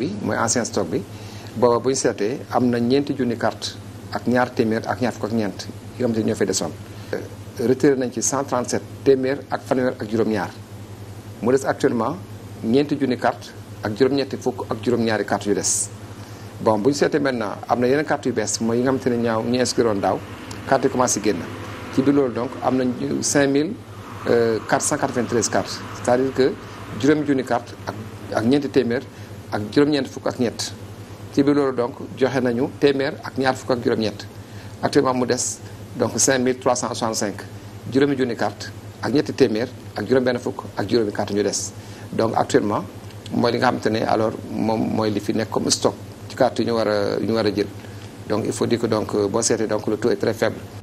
bi mooy ancien stock bi booba bu ñu seetee am na ñeenti junni carte ak ñaar téeméer ak ñaar fukk ak ñeent yoo xam te ñoo fay desoon retiré nañ ci 137 téeméer ak fanweer ak juróom-ñaar mu des actuellement ñeenti junni carte ak juróom-ñetti fukk ak juróom-ñaari carte yu des bon bu ñu seetee maintenant am na yeneen carte yu bees mooy yi nga xamante ne ñaaw ñu inscriroon daaw carte yi commencé génn ci biir loolu donc am nañu 5000 493 euh, cartes c'est-à-dire que juróomi junni carte ak ak ñeenti téeméer ak juróom-ñeent fukk ak ñett ci biir loolu donc joxe nañu téeméer ak ñaar fukk ak juróom-ñett actuellement mu des donc 5365 juróomi junni carte ak ñetti téeméer ak juróom-benn fukk ak juróomi carte ñu des donc actuellement mooy li nga xamante ne alors moom mooy li fi nekk comme stock ci carte yi ñu war a ñu war a jël donc il faut dire que donc boo seetee donc le taux est très faible